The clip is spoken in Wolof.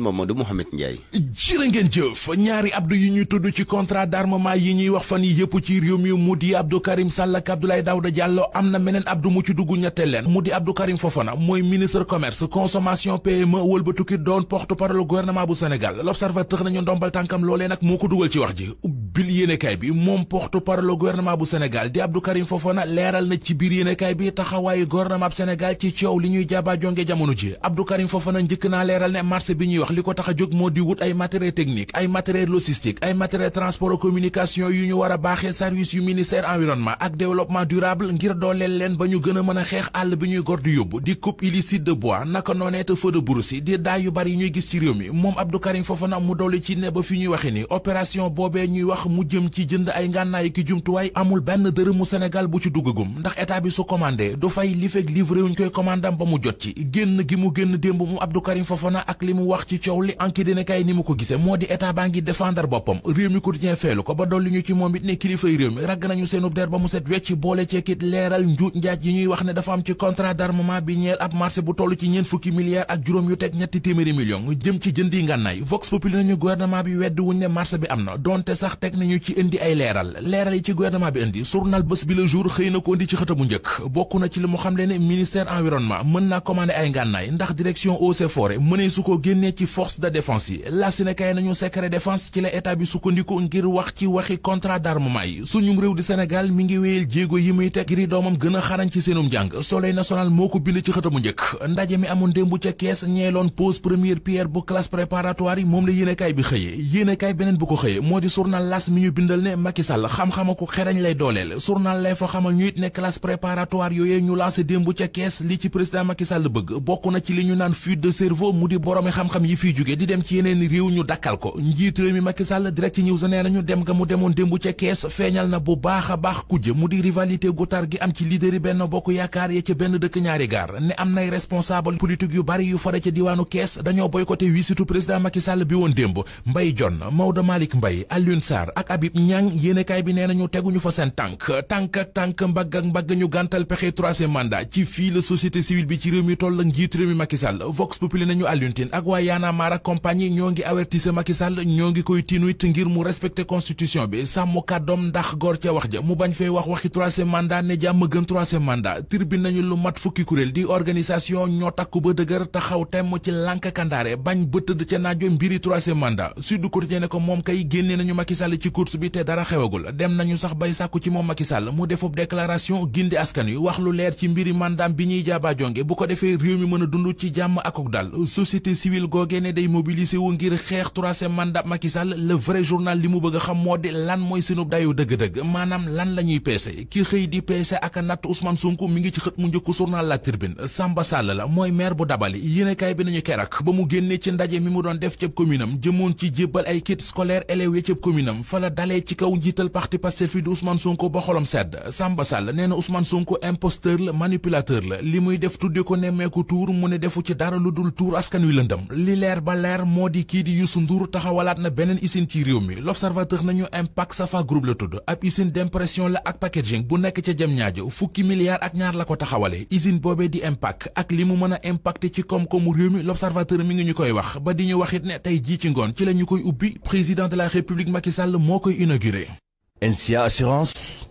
Mamadou Mouhamed Ndiaye jërë ngeen jëf ñaari abdu yi ñu tudd ci contrat d'armement yi ñuy wax fan yi yëpp ci réew mi mu di Abdou Karim Sall ak Abdoulaye Daouda Diallo am na meneen abdu mu ci dugg ñetteel leen mu di Abdou Karim Fofana mooy ministre commerce consommation PME wëlbatukki doon porte parole gouvernement bu Sénégal l'observateur nañu ndombal tànkam loolee nag moo ko dugal ci wax ji ubbil yéenekaay bi moom porte parole gouvernement bu Sénégal di Abdou Karim Fofana leeral na wax li ko tax a jóg moo di wut ay matériel technique ay matériel logistique ay matériel transport communication yu ñu war a baaxee service yu ministère environnement ak développement durable ngir dooleel leen ba ñu gën a a xeex àll bi ñuy gor di yóbbu di coupe illicite de bois naka noonee te feu de di daay yu bari yi ñuy gis ci réew mi moom Abdou Karim Fofana mu doole ci ne ba fi ñuy waxe ni opération boobee ñuy wax mu jëm ci jënd ay ngànnaay ki jumtuwaay amul benn dërëmu Sénégal bu ci duggagum ndax état bi su commandé du fay li fekk ba mu jot ci génn gi mu génn démb moom Abdou Karim Fofana ak li mu wax ci coow li enquête dina kay ni mu ko gisee moo di état baa ngi défendre boppam réew mi quotidien feelu ko ba dolli ñu ci moom it ne kilifay réew mi ragg nañu seenub der ba mu set wecc boole ceekit leeral njuuj njaaj yi ñuy wax ne dafa am ci contrat d'armement bi ñeel ab marché bu toll ci ñeen fukki milliards ak juróom yu teg ñetti téeméeri million jëm ci jëndi ngànnaay vox populi nañu gouvernement bi wedd wuñ ne marché bi am na donte sax teg nañu ci jëmee ci force de défense yi las si nañu secret défense ci la état bi sukkandiku ngir wax ci waxi contrat d'armement yi suñum réew di Sénégal mi ngi wéyal jéego yi muy teg ngir doomam gën xarañ ci seenum njàng soleil national moo ko bind ci xëtamu njëkk ndaje mi amoon démb ca kees ñeeloon pose première pierre bu classe préparatoire yi moom la yéenekaay bi xëyee yéenekaay beneen bu ko xëyee moo di journal las mi ñu bindal ne Macky xam xam-xam am yi fiy jóge di dem ci yeneen réew ñu dakkal ko njiit réew mi Macky Sall direct news nee nañu dem nga mu demoon démb ca kees feeñal na bu baax baax kujje mu di rivalité gu gi am ci leader benn bokk yaakaar ya ca benn dëkk ñaari gaar ne am nay responsable politique yu bari yu fare ca diwaanu kees dañoo boycotté wisitu président Macky Sall bi woon démb Mbaye John Maodo Malick Mbaye Alioune Sarr ak Habib Niang yéenekaay bi nee nañu teguñu fa seen tànk tànk ak tànk mbagg ak mbagg ñu gàntal pexe troisième mandat ci fii la société civile bi Y'en a marre compagnie ñoo ngi avertise Macky Sall ñoo ngi koy tiinu it ngir mu respecté constitution bi sàmm kàddoom ndax góor ca wax ja mu bañ fay wax waxi troisième mandat ne jàmm gën troisième mandat tribune nañu lu mat fukki kuréel di organisation ñoo takku ba dëgër taxaw temm ci lànk kandaare bañ ba tëdd ca naajo mbiri troisième mandat Sud Quotidien ne ko moom kay génne nañu Macky Sall ci course bi te dara xewagul dem nañu sax bay sàkku ci moom Macky Sall mu defub déclaration gindi askan wi wax lu leer ci mbiri mandaam bi ñuy jaaba jonge bu ko defee réew mën a dund ci jàmm akuk dal googee ne day mobiliser wu ngir xeex troisième mandat Macky Sall le vrai journal li mu bëgg xam moo di lan mooy seenub dayu dëgg-dëgg maanaam lan la ñuy peese ki xëy di peese ak a natt Ousmane sunk mi ngi ci xët mu njëkku journal La Tribune Samba Sall la mooy maire bu dabali yéenekaay bi nañu kerak ba mu génnee ci ndaje mi mu doon def cëb commune jëmoon ci jébbal ay kit scolaire élèves ya cëb commune am fa la dalee ci kaw njiital parti Pastef fii di Ousmane Sonko ba xolam sedd Samba Sall nee na Ousmane Sonko imposteur la manipulateur la li muy def tudde ko nemmeeku tuur mu ne defu ci dara lu dul tuur askan wi lëndëm li leer ba leer moo di kii di Youssou taxawalaat na beneen usine ci réew mi l'observateur nañu impact safa groupe la tudd ab usine d'impression la ak packaging bu nekk ca jëm ñaajo fukki milliards ak ñaar la ko taxawale usine boobee di impact ak li mu mën a impacté ci koom-koomu réew mi l'observateur mi ngi ñu koy wax ba di ñu wax it ne tey jii ci ngoon ci la ñu koy ubbi président de la république Macky Sall moo koy inauguré NCA assurance